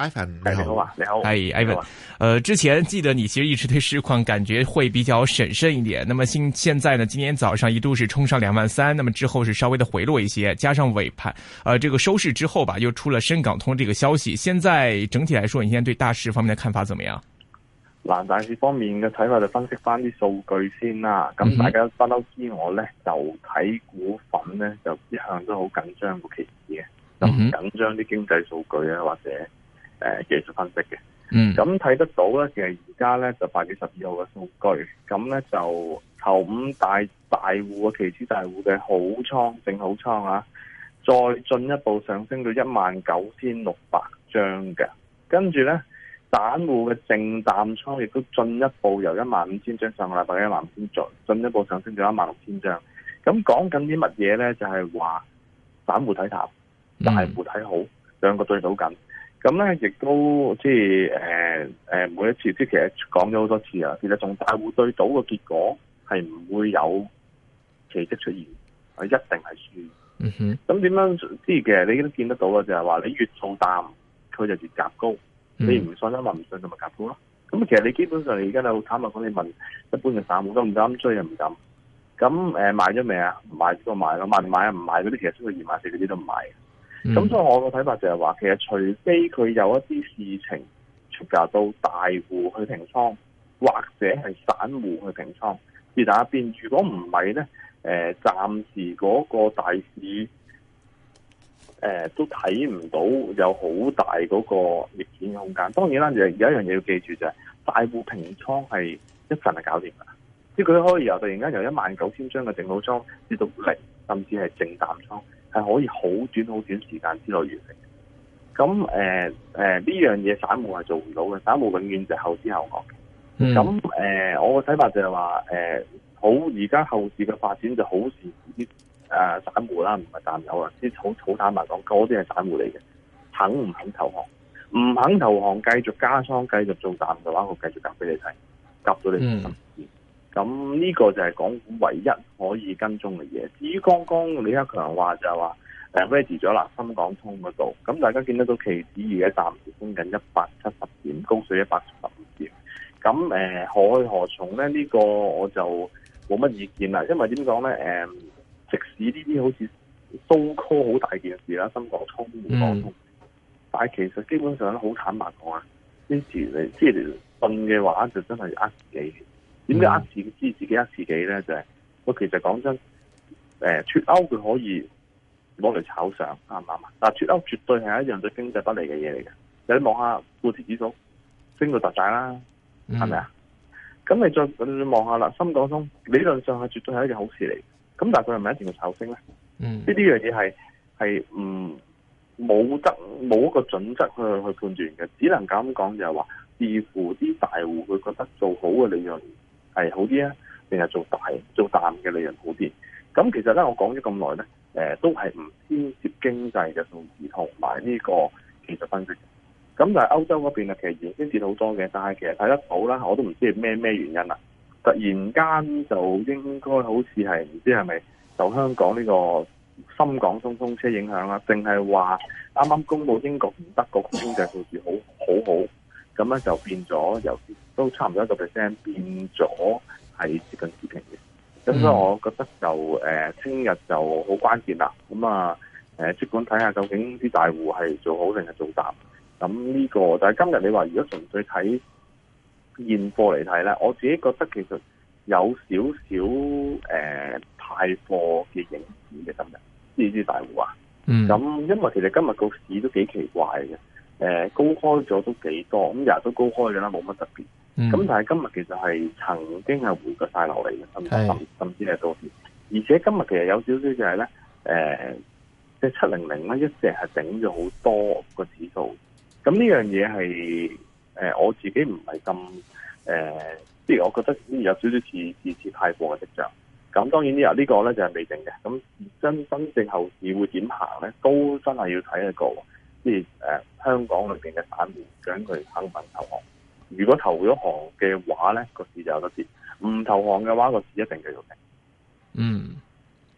Ivan 你好啊，你好，哎，Ivan、呃、之前記得你其實一直對市況感覺會比較審慎一點。那麼現現在呢，今天早上一度是衝上兩萬三，那麼之後是稍微的回落一些，加上尾盤，呃，這個收市之後吧，又出了深港通這個消息。現在整體來說，你現在對大市方面的看法怎麼樣？嗱、嗯，大市方面嘅睇法就分析翻啲數據先啦。咁大家不嬲知我呢，就睇股份呢，就一向都好緊張個期市嘅，咁緊張啲經濟數據啊，或者。誒、呃，技術分析嘅，嗯，咁睇得到咧，其實而家咧就八月十二號嘅數據，咁咧就頭五大大戶嘅期指大戶嘅好倉淨好倉啊，再進一步上升到一萬九千六百張嘅，跟住咧散戶嘅淨淡倉亦都進一步由一萬五千張上個禮拜嘅一萬五千進進一步上升到一萬六千張，咁講緊啲乜嘢咧？就係、是、話散戶睇淡，大戶睇好，兩、嗯、個對賭緊。咁、嗯、咧，亦都即係誒誒，每一次即係其實講咗好多次啊，其實仲大戶對倒嘅結果係唔會有奇蹟出現，係一定係輸。咁點樣其嘅？你都見得到啦，就係、是、話你越數淡，佢就越夾高；你唔信啦嘛唔信，信信信就咪夾高咯。咁其實你基本上而家啊，好坦白講，你問一般嘅散戶都唔敢追又唔敢。咁買咗未啊？買都買咯，買唔買啊？唔買嗰啲其實出去二萬四嗰啲都唔買。咁、嗯、所以我個睇法就係話，其實除非佢有一啲事情出價到大戶去平倉，或者係散戶去平倉，打下變。如果唔係咧，誒、呃，暫時嗰個大市誒、呃、都睇唔到有好大嗰個逆轉空間。當然啦，有有一樣嘢要記住就係、是，大戶平倉係一份就搞掂啦，即係佢可以由突然間由一萬九千張嘅淨好倉跌到零，甚至係淨淡倉。係可以好短好短時間之內完成的。咁誒誒呢樣嘢散戶係做唔到嘅，散戶永遠就後知後覺。咁、嗯、誒、呃，我個睇法就係話，誒、呃、好而家後市嘅發展就好似啲誒散戶啦，唔係淡友啦，啲好坦白講，啲係散戶嚟嘅，肯唔肯投降？唔肯投降，繼續加倉，繼續做淡嘅話，我繼續夾俾你睇，夾到你唔心。嗯咁呢個就係港股唯一可以跟蹤嘅嘢。至於剛剛李克強話就話，誒 freeze 咗啦，深港通嗰度。咁大家見得到期指而家暫時升緊一百七十點，高水一百七十五點。咁誒、呃，何去何從咧？呢、這個我就冇乜意見啦。因為點講咧？誒、嗯，即使呢啲好似收 call 好大件事啦，深港通、滬港通，嗯、但係其實基本上好坦白講啊，之前你即係信嘅話，就真係呃自己。點解呃自己知自己呃自己咧？就係、是、我其實講真，誒、呃，脫歐佢可以攞嚟炒上啱唔啱啊？但係脫歐絕對係一樣對經濟不利嘅嘢嚟嘅。你望下富時指數升到特大啦，係咪啊？咁你再望下啦，深港通理論上係絕對係一件好事嚟，咁但係佢係咪一定要炒升咧？嗯，是是看看呢啲樣嘢係係唔冇得冇一個準則去去判斷嘅，只能咁講就係話，視乎啲大戶佢覺得做好嘅呢樣係好啲啊，定係做大做淡嘅利潤好啲？咁其實咧，我講咗咁耐咧，誒，都係唔牽涉經濟嘅數字同埋呢個技術分析。咁但係歐洲嗰邊啊，其實已經跌好多嘅，但係其實睇得到啦，我都唔知係咩咩原因啦，突然間就應該好似係唔知係咪受香港呢個深港通通車影響啦，定係話啱啱公布英國、德國的經濟數字好好好？咁咧就變咗，由時都差唔多一個 percent 變咗係接近持平嘅。咁、嗯、所以我覺得就誒聽日就好關鍵啦。咁啊誒，即、呃、管睇下究竟啲大戶係做好定係做淡。咁呢、呢個但係今日你話如果純粹睇現貨嚟睇咧，我自己覺得其實有少少誒派、呃、貨嘅影子嘅今日。呢啲大戶啊，嗯。咁因為其實今日個市都幾奇怪嘅。誒，高開咗都幾多，咁日都高開咗啦，冇乜特別。咁、嗯、但係今日其實係曾經係回個晒落嚟嘅，甚甚甚至係多啲。而且今日其實有少少就係、是、咧，誒、呃，即係七零零咧，一隻係整咗好多個指數。咁呢樣嘢係誒，我自己唔係咁誒，即、呃、係我覺得有少少似二次太過嘅跡象。咁當然呢日呢個咧就係未定嘅。咁真真正後市會點行咧，都真係要睇一個。即係誒，香港裏邊嘅散戶等佢肯唔肯投降。如果投咗行嘅話咧，個市就有得跌；唔投降嘅話，個市一定繼續升。嗯，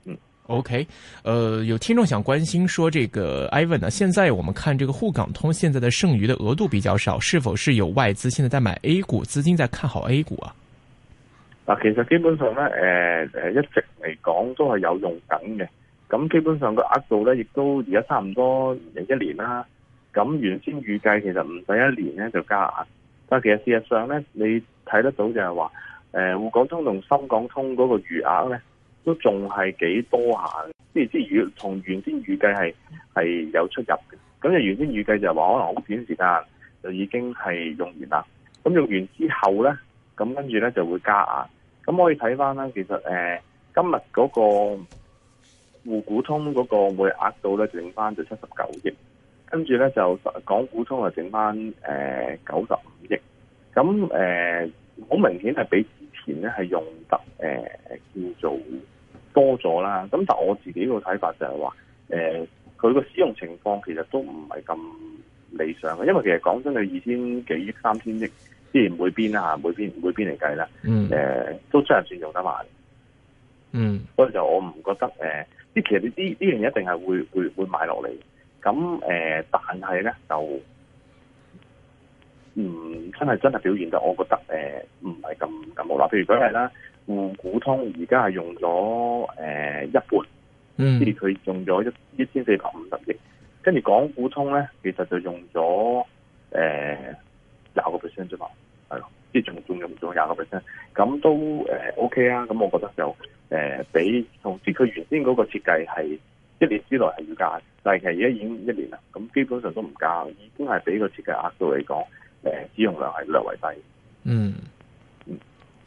嗯，OK、呃。誒，有聽眾想關心，說這個 Ivan 啊，現在我們看這個滬港通現在的剩餘的額度比較少，是否是有外資現在在買 A 股，資金在看好 A 股啊？嗱，其實基本上咧，誒、呃、誒，一直嚟講都係有用緊嘅。咁基本上個額度咧，亦都而家差唔多成一年啦。咁原先預計其實唔使一年咧就加額，但其實事實上咧，你睇得到就係話，誒、呃、滬港通同深港通嗰個餘額咧，都仲係幾多下，即係即係同原先預計係係有出入嘅。咁就原先預計就係話可能好短時間就已經係用完啦。咁用完之後咧，咁跟住咧就會加額。咁可以睇返啦，其實誒、呃、今日嗰、那個。滬股通嗰個每日額度咧，剩翻就七十九億，跟住咧就港股通啊，剩翻誒九十五億。咁誒，好明顯係比之前咧係用得誒叫、呃、做多咗啦。咁但係我自己個睇法就係話，誒、呃，佢個使用情況其實都唔係咁理想，因為其實講真2000，佢二千幾億、三千億，雖然每邊啊，每邊每邊嚟計啦。嗯。誒，都真係算用得埋。嗯。所以就我唔覺得誒。呃啲其實啲啲啲嘢一定係會會會買落嚟，咁誒、呃，但係咧就唔、嗯、真係真係表現得我覺得誒唔係咁咁好啦。譬如講係啦，滬、嗯、股通而家係用咗誒、呃、一半，即係佢用咗一一千四百五十億，跟住港股通咧，其實就用咗誒廿個 percent 啫嘛，係、呃、咯，即係仲仲用咗廿個 percent，咁都誒、呃、OK 啦、啊。咁我覺得就。誒、呃，俾同時佢原先嗰個設計係一年之內係要加，但係其實而家已經一年啦，咁基本上都唔加，已經係俾個設計額度嚟講，誒、呃，使用量係略為低。嗯，嗯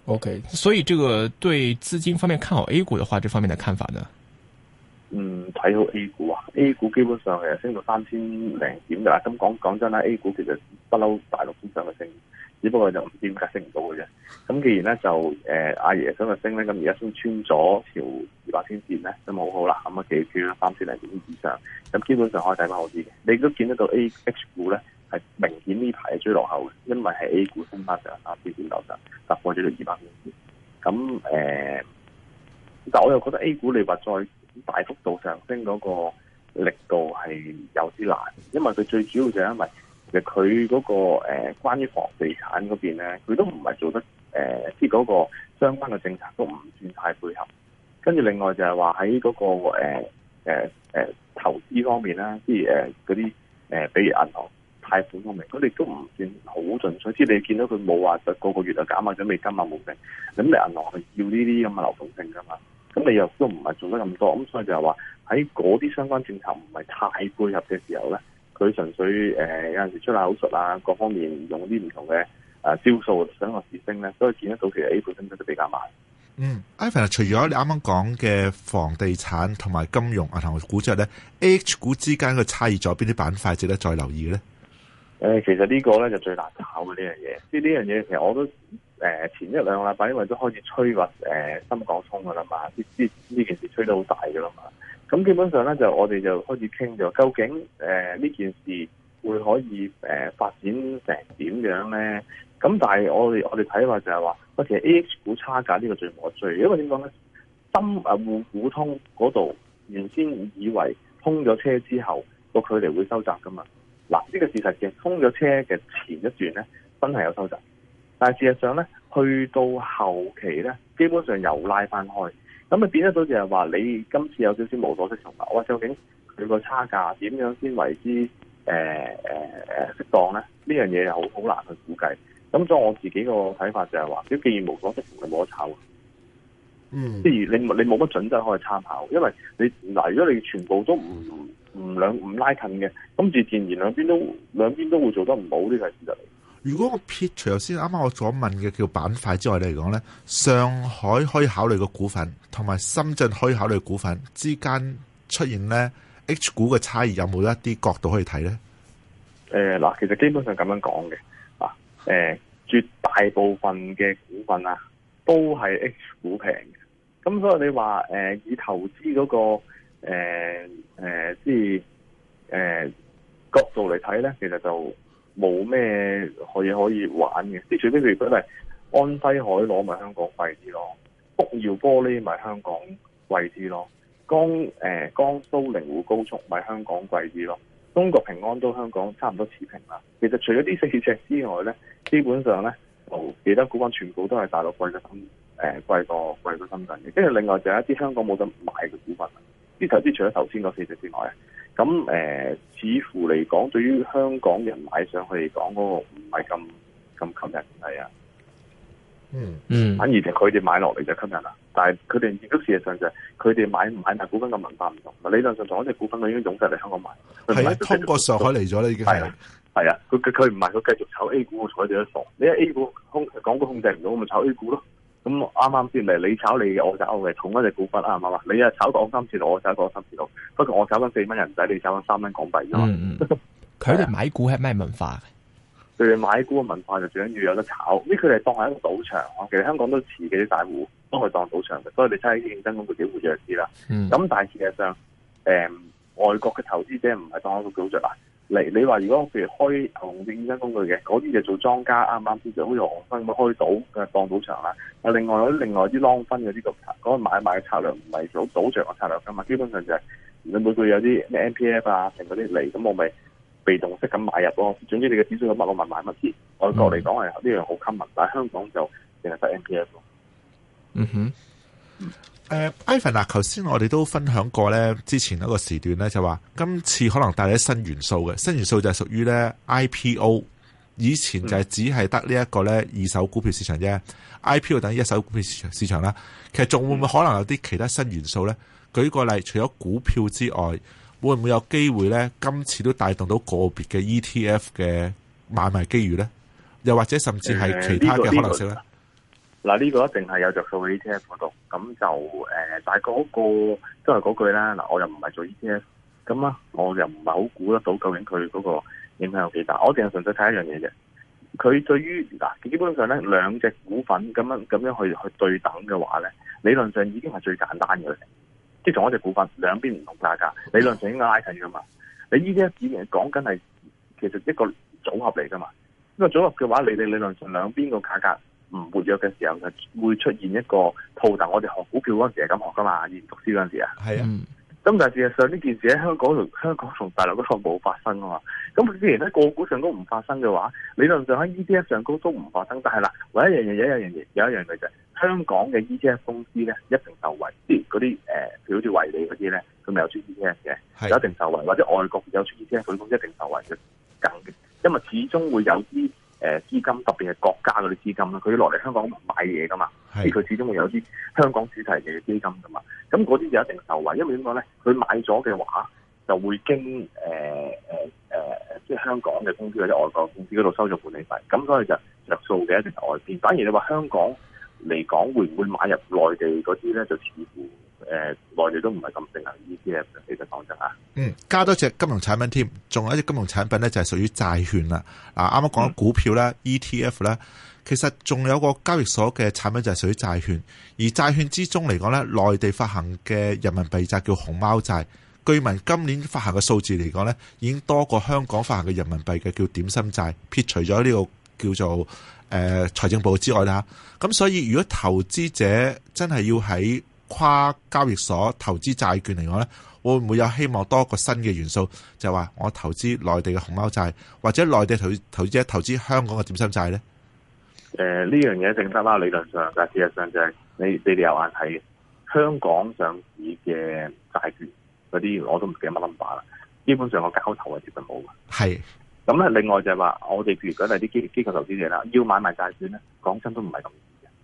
，OK，所以這個對資金方面看好 A 股的話，這方面的看法呢？嗯，睇好 A 股啊！A 股基本上係升到三千零點噶啦。咁講講真啦，A 股其實不嬲大陸之上嘅升，只不過就唔知點解升唔到嘅啫。咁既然咧就誒，阿爺想日升咧，咁而家先穿咗條二百天線咧，咁好好啦。咁啊，企穿咗三千零點以上，咁基本上可以睇翻好啲嘅。你都見得到 A、H 股咧係明顯呢排係追落後嘅，因為係 A 股升翻就二百點度就突破咗到二百天線。咁誒、呃，但我又覺得 A 股你話再，大幅度上升嗰個力度係有啲難，因為佢最主要就係因為其實佢嗰個誒關於房地產嗰邊咧，佢都唔係做得誒，即係嗰個相關嘅政策都唔算太配合。跟住另外就係話喺嗰個誒誒誒投資方面啦，即係誒嗰啲誒，比如銀行貸款方面，佢哋都唔算好進取。即你見到佢冇話個個月就減埋準備金啊，冇剩、啊。咁你銀行要呢啲咁嘅流動性噶嘛？你又都唔係做得咁多，咁所以就係話喺嗰啲相關政策唔係太配合嘅時候咧，佢純粹誒有陣時出下口術啊，各方面用啲唔同嘅誒招數想個市升咧，所以見得到其實 A 股升得都比較慢。嗯，Ivan 除咗你啱啱講嘅房地產同埋金融銀行、啊、股之外咧，H 股之間嘅差異在邊啲板塊值得再留意咧？誒，其實呢個咧就最難炒嘅呢樣嘢，即係呢樣嘢其實我都。誒前一兩個禮拜因為都開始吹話誒、啊、深港通嘅啦嘛，呢呢呢件事吹得好大嘅啦嘛。咁基本上咧，就我哋就開始傾咗究竟誒呢、啊、件事會可以誒、啊、發展成點樣咧？咁但係我哋我哋睇法就係話，我話、啊、其實 A H 股差價呢個最可追，因為點講咧？深啊滬股通嗰度原先以為通咗車之後個距離會收窄嘅嘛。嗱、啊，呢、呢個事實嘅、其實、通咗車嘅前一段咧，真係有收窄。但係事實上咧，去到後期咧，基本上又拉翻開，咁啊變得到就係話，你今次有少少無所適從啦。我話，究竟佢個差價點樣先為之誒誒誒適當咧？呢樣嘢又好好難去估計。咁所以我自己個睇法就係話，咁既然無所適從，就冇得炒嗯。譬如你你冇乜準則可以參考，因為你嗱，呃，如果你全部都唔唔兩唔拉近嘅，咁自自然兩邊都兩邊都會做得唔好，呢個係事實。如果我撇除頭先啱啱我所問嘅叫板塊之外，你嚟講咧，上海可以考慮嘅股份，同埋深圳可以考慮股份之間出現咧 H 股嘅差異，有冇一啲角度可以睇咧？誒，嗱，其實基本上咁樣講嘅，啊，誒，絕大部分嘅股份啊，都係 H 股平，咁所以你話誒以投資嗰個誒誒即係誒角度嚟睇咧，其實就。冇咩可以可以玩嘅，即係除非譬如果係安徽海螺咪香港貴啲咯，福耀玻璃咪香港貴啲咯，江、呃、江蘇寧滬高速咪香港貴啲咯，中國平安都香港差唔多持平啦。其實除咗呢四隻之外咧，基本上咧，冇幾多股份全部都係大陸貴嘅深誒貴過貴過深圳嘅。跟住另外就係一啲香港冇得買嘅股份，呢頭先除咗頭先嗰四隻之外。咁誒、呃，似乎嚟講，對於香港人買上去嚟講，嗰個唔係咁咁吸引，係啊，嗯嗯，反而佢哋買落嚟就吸引啦。但係佢哋亦都事實上就係、是，佢哋買唔買埋股份嘅文化唔同。理論上，同一隻股份佢應該湧晒嚟香港買，佢唔係通過上海嚟咗咧，已經係，係啊，佢佢佢唔係佢繼續炒 A 股，我坐住喺度防。你一 A 股控港股控制唔到，咁咪炒 A 股咯。咁啱啱先嚟，你炒你嘅，我就勾嘅，同一隻股份啱唔啱啊？你啊炒港三次路，我就炒港三次到，不過我炒緊四蚊人仔，你炒緊三蚊港幣噶嘛？佢哋買股係咩文化？對、嗯、買股嘅文，文化就最緊要，要有得炒，呢佢哋當係一個賭場，其實香港都似幾啲大戶都係當賭場嘅，所以你睇啲認真咁佢幾活躍啲啦。咁、嗯、但係事實上，誒、呃、外國嘅投資者唔係當一個賭着啦嚟你話如果譬如開紅啲衍生工具嘅，嗰啲就做莊家，啱啱先就好似狼分咁開賭到當賭場啦。但另外有啲另外啲狼分嘅呢個嗰個買賣嘅策略唔係做賭場嘅策略噶嘛，基本上就係你每個月有啲咩 MPF 啊成嗰啲嚟，咁我咪被動式咁買入咯。總之你嘅指數有乜我咪買乜先。外國嚟講係呢樣好 common。但係香港就淨係得 MPF 嗯哼。誒、uh，Ivan 啊，頭先我哋都分享過咧，之前一個時段咧就話，今次可能帶嚟新元素嘅，新元素就係屬於咧 IPO，以前就係只係得呢一個咧二手股票市場啫，IPO 等於一手股票市場啦。其實仲會唔會可能有啲其他新元素咧？舉個例，除咗股票之外，會唔會有機會咧？今次都帶動到個別嘅 ETF 嘅買賣機遇咧？又或者甚至係其他嘅可能性咧？嗯嗱、這、呢個一定係有着數嘅 ETF 度，咁、呃、就誒、大概嗰個，但係嗰個都係嗰句啦。嗱，我又唔係做 ETF，咁啊，我又唔係好估得到究竟佢嗰個影響有幾大。我淨係純粹睇一樣嘢啫。佢對於嗱，基本上咧，兩隻股份咁樣咁樣去去對等嘅話咧，理論上已經係最簡單嘅。即係同一隻股份兩邊唔同價格，理論上應該拉近噶嘛。你 ETF 只係講緊係，其實一個組合嚟噶嘛。呢個組合嘅話，你哋理論上兩邊個價格。唔活躍嘅時候，就會出現一個套頭。我哋學股票嗰陣時係咁學噶嘛，而讀書嗰陣時啊，係啊。咁但係事實上呢件事喺香港同香港同大陸嗰度冇發生啊嘛。咁既然喺個股上高唔發生嘅話，理論上喺 ETF 上高都唔發生。但係啦，唯一一樣嘢，有一樣嘢，有一樣嘢，就係香港嘅 ETF 公司咧一定受惠，即係嗰啲誒，譬如好似維理嗰啲咧，佢咪有出 ETF 嘅，有的一定受惠。或者外國有出 ETF 佢都一定受惠嘅，更因為始終會有啲。誒、呃，資金特別係國家嗰啲資金啦，佢要落嚟香港買嘢噶嘛，即係佢始終會有啲香港主題嘅基金噶嘛，咁嗰啲就一定受惠，因為點講咧？佢買咗嘅話，就會經誒誒誒，即係香港嘅公司或者外國公司嗰度收咗管理費，咁所以就著數嘅一定係外邊，反而你話香港嚟講會唔會買入內地嗰啲咧？就似乎。誒，內地都唔係咁定行 E T F 其實講真吓，嗯，加多隻金融產品添，仲有一隻金融產品咧，就係屬於債券啦。嗱，啱啱講股票啦，E T F 呢，ETF, 其實仲有個交易所嘅產品就係屬於債券。而債券之中嚟講咧，內地發行嘅人民幣債叫熊貓債，據聞今年發行嘅數字嚟講咧，已經多過香港發行嘅人民幣嘅叫點心債。撇除咗呢個叫做誒財政部之外啦，咁所以如果投資者真係要喺。跨交易所投資債券嚟講咧，會唔會有希望多個新嘅元素？就話、是、我投資內地嘅熊貓債，或者內地投投資者投資香港嘅點心債咧？誒，呢樣嘢正得啦，理論上，但事實上就係你你哋有眼睇嘅。香港上市嘅債券嗰啲我都唔記得乜 number 啦，基本上個交投係絕對冇嘅。係咁咧，另外就係話，我哋譬如果係啲基機構投資者啦，要買賣債券咧，講真都唔係咁。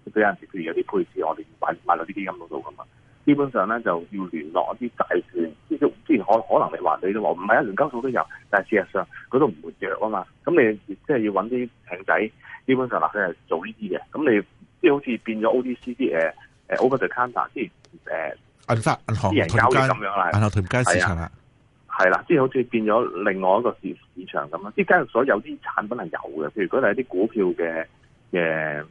俾有陣時，譬如有啲配置，我哋買買落啲基金度做噶嘛。基本上咧，就要聯絡一啲介紹，即係之前可可能你話你都話唔係一聯交所都有，但係事實上佢都唔活躍啊嘛。咁你即係要揾啲艇仔，基本上嗱佢係做呢啲嘅。咁你即係好似變咗 O T C 啲誒誒 over the counter，即係誒銀發銀行、私人交易咁樣啦，銀行條街市場啦，係啦、啊啊，即係好似變咗另外一個市市場咁啊。即係今日所有啲產品係有嘅，譬如果啲係啲股票嘅嘅。呃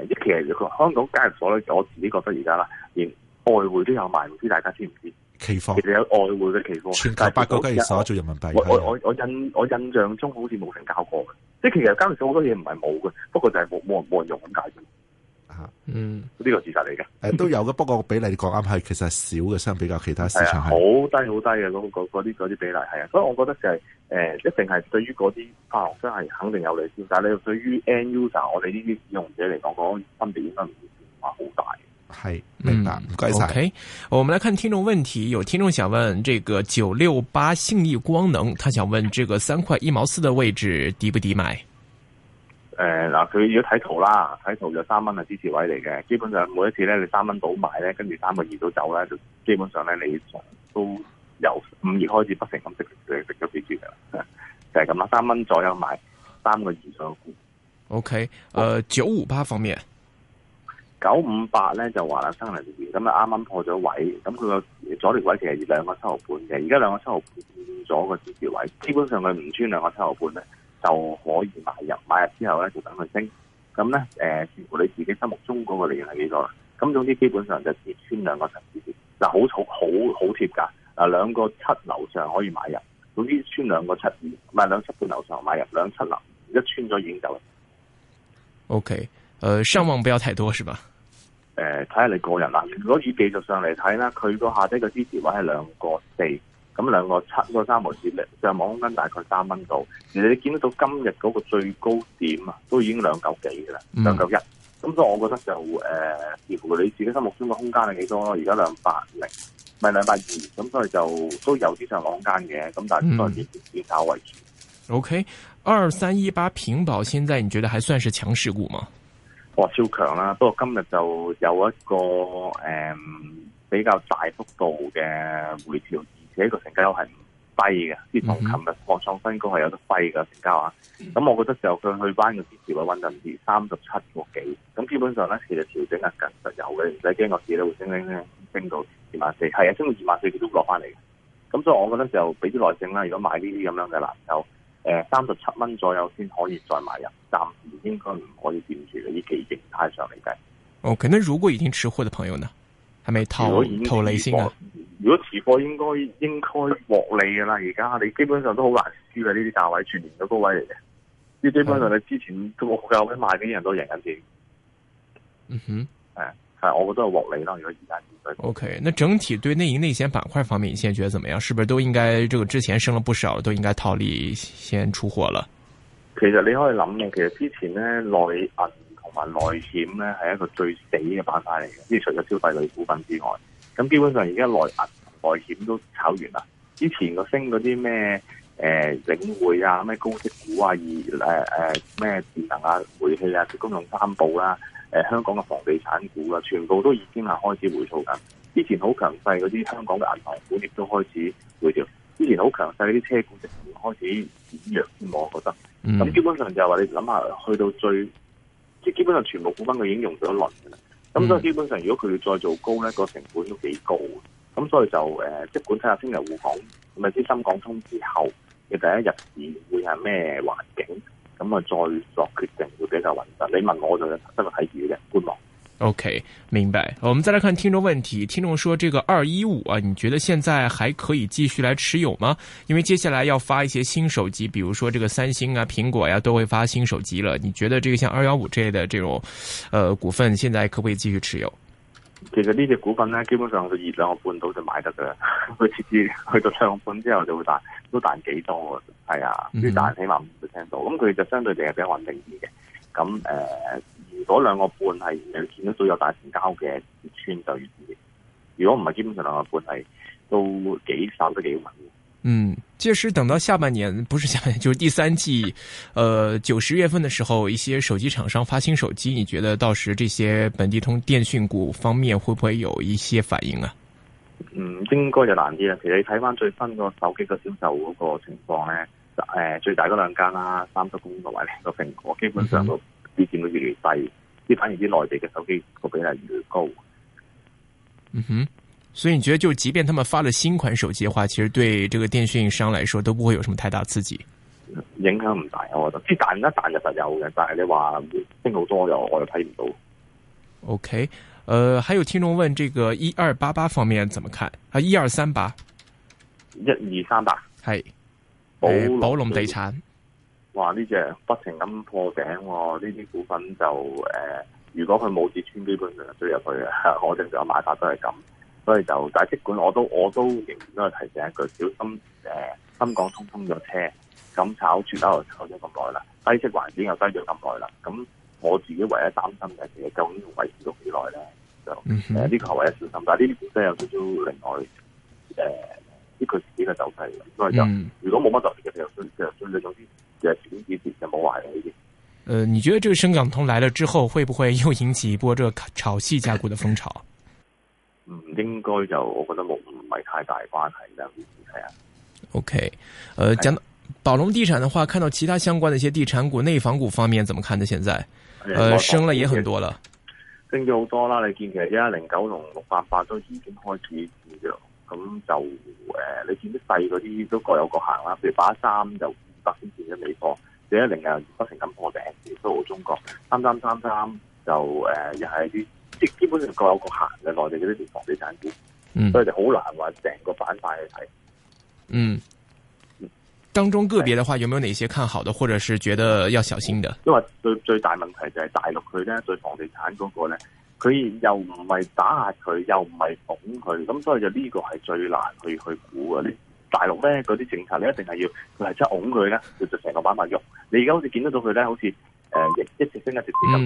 誒，其實佢香港交易所咧，我自己覺得而家啦，連外匯都有賣，唔知大家知唔知期貨？其實有外匯嘅期貨，全球八個交易所做人民幣。我我我印我印象中好似冇成交過嘅，即係其實交易所好多嘢唔係冇嘅，不過就係冇冇人冇人用咁解啫。啊，嗯，呢個事實嚟嘅，誒都有嘅，不過比例你講啱係，其實係少嘅，相比較其他市場係好低好低嘅，嗰啲啲比例係啊，所以我覺得就係、是。誒，一定係對於嗰啲化學商係肯定有利先，但係咧對於 end user，我哋呢啲使用者嚟講，講、那個、分別應該唔會話好大嘅，係明白。嗯、o、okay, K，我們來看聽眾問題，有聽眾想問這個九六八信義光能，他想問這個三塊一毛四的位置，抵不抵買？誒、呃，嗱，佢要睇圖啦，睇圖就三蚊係支持位嚟嘅，基本上每一次咧，你三蚊倒買咧，跟住三個二都走呢，就基本上咧你都。由五月開始不停咁升，就升咗幾段嘅，就係咁啦。三蚊左右買三個以上嘅股。O K，誒，九五八方面，九五八咧就話啦，升嚟升去，咁啊啱啱破咗位，咁佢個阻力位其實兩個七毫半嘅，而家兩個七毫半變咗個支持位，基本上佢唔穿兩個七毫半咧就可以買入，買入之後咧就等佢升，咁咧誒，視、呃、乎你自己心目中嗰個利潤係幾多啦。咁總之，基本上就跌穿兩個七毫半，嗱，好重，好好貼噶。啊，兩個七樓上可以買入，總之穿兩個七，唔係兩七半樓上買入，兩七樓一穿咗已經走。O K，誒，上網不要太多，是吧？誒，睇下你個人啦。如果以技術上嚟睇咧，佢個下跌嘅支持位係兩個四，咁兩個七嗰個三毫線咧，上網空間大概三蚊度。其實你見得到今日嗰個最高點啊，都已經兩九幾噶啦，兩九一。咁所以我覺得就誒，視乎你自己心目中嘅空間係幾多咯。而家兩百零。咪兩百二咁，所以就都有啲上落空間嘅。咁但係都係以跌搞為主。O K，二三一八平保，現在你覺得還算是強勢股嗎？我超強啦，不過今日就有一個誒、嗯、比較大幅度嘅回調，而且一個成交係唔低嘅，即係同琴日破創新高係有得低嘅成交啊。咁、嗯嗯、我覺得就佢去彎個跌潮啦，穩陣市三十七個幾。咁基本上咧，其實調整係緊實有嘅，唔使驚我跌都會升升。咧。升到二萬四，係啊，升到二萬四，佢都落翻嚟嘅。咁所以我覺得就俾啲耐性啦。如果買呢啲咁樣嘅藍籌，誒、呃，三十七蚊左右先可以再買入，暫時應該唔可以掂住嘅。呢幾形態上嚟計，OK，但係如果已經持貨嘅朋友呢，係咪套套利先啊？如果持貨,貨應該應該獲利噶啦。而家你基本上都好難輸嘅呢啲價位，全年都高位嚟嘅。呢基本上你之前個價位，賣俾啲人都贏緊錢。嗯哼，係。係，我覺得係獲利咯，如果時間 O K，那整體對內銀內險板塊方面，你現在覺得怎麼樣？是不是都應該，這個之前升了不少，都應該套利先出貨了？其實你可以諗嘅，其實之前咧內銀同埋內險咧係一個最死嘅板塊嚟嘅，即除咗消費類股份之外，咁基本上而家內銀同內險都炒完啦。之前個升嗰啲咩誒領匯啊，咩高息股啊，而誒誒咩智能啊，煤氣啊，公用三寶啦，啊。誒、呃、香港嘅房地產股啊，全部都已經係開始回吐緊。之前好強勢嗰啲香港嘅銀行股亦都開始回調，之前好強勢啲車股亦開始弱，我覺得，咁、嗯、基本上就係話你諗下，去到最即係基本上全部股份佢已經用咗輪㗎啦。咁、嗯、所以基本上，如果佢要再做高咧，個成本都幾高咁，所以就誒，即、呃、管睇下星期滬港同咪先。深港通之後嘅第一日市會係咩環境？咁啊，再作決定會比較穩陣。你問我就真要嘅觀望。OK，明白。我們再來看聽眾問題。聽眾說：這個二一五啊，你覺得現在還可以繼續來持有嗎？因為接下來要發一些新手機，比如說這個三星啊、蘋果呀、啊，都會發新手機了。你覺得這個像二幺五這類的這種，呃，股份現在可不可以繼續持有？其實呢隻股份呢，基本上佢熱兩半到就買得噶，佢甚至去到上半之後就會彈，都彈幾多。係啊，但起碼唔會聽到，咁佢就相對地係比較穩定啲嘅。咁誒、呃，如果兩個半係你見得到都有大成交嘅，穿就越好。如果唔係，基本上兩個半係都幾差都幾穩。嗯，即使等到下半年，不是下半年，就是第三季，誒、呃，九十月份嘅時候，一些手機廠商發新手機，你覺得到時這些本地通電訊股方面，會唔會有一些反應啊？嗯，應該就難啲啦。其實你睇翻最新個手機個銷售嗰個情況咧。誒，最大嗰兩間啦，三十公位咧個蘋果，基本上個跌點都越嚟越低，啲反而啲內地嘅手機個比例越嚟越高。嗯哼，所以你覺得就，即便他們發咗新款手機嘅話，其實對這個電訊商來說，都不會有什麼太大刺激。影響唔大，我覺得，即係彈一彈其實有嘅，但係你話升好多又我又睇唔到。OK，誒、呃，還有聽眾問，這個一二八八方面怎麼看？啊、uh,，一二三八，一二三八，係。寶寶龍地產，哇！呢隻不停咁破頂，哦，呢啲股份就誒、呃，如果佢冇跌穿，基本上追入去嘅。我哋就有買法都係咁，所以就但係，儘管我都我都仍然都係提醒一句，小心誒、呃，深港通通咗車，咁炒住樓又炒咗咁耐啦，低息環境又低咗咁耐啦，咁我自己唯一擔心嘅嘢，究竟維持咗幾耐咧？就呢、嗯呃這個係唯一小心，但係呢啲股身有少少另外誒。呃佢自己嘅走勢，所以就如果冇乜特別嘅嘅嘅嘅咁啲嘅市點跌跌就冇壞嘅呢啲。誒，你覺得這個深港通來了之後，會唔會又引起一波這炒細價股的風潮？唔、嗯、應該就我覺得冇唔係太大關係啦，係啊。OK，誒、呃，講寶龍地產的話，看到其他相關的一些地產股、內房股方面，怎麼看呢？現在，誒、呃、升了也很多了，升咗好多啦。你見其實一一零九同六八八都已經開始咁就誒、呃，你見啲細嗰啲都各有各行啦。譬如把三，就二百千件一尾貨，二一零又不停咁破頂，亦都好中國。三三三三就誒，又係啲即基本上各有各行嘅內地嗰啲啲房地產股，所以就好難話成個板塊去睇。嗯，當中個別嘅話，有冇有哪些看好的，或者是覺得要小心嘅？因為最最大問題就係大陸佢咧對房地產嗰個咧。佢又唔係打壓佢，又唔係拱佢，咁所以就呢個係最難去去估嘅。啲大陸咧嗰啲政策，你一定係要，佢係出拱佢啦，就成個板塊喐。你而家好似見得到佢咧，好似誒一一直升一直升咁。嗯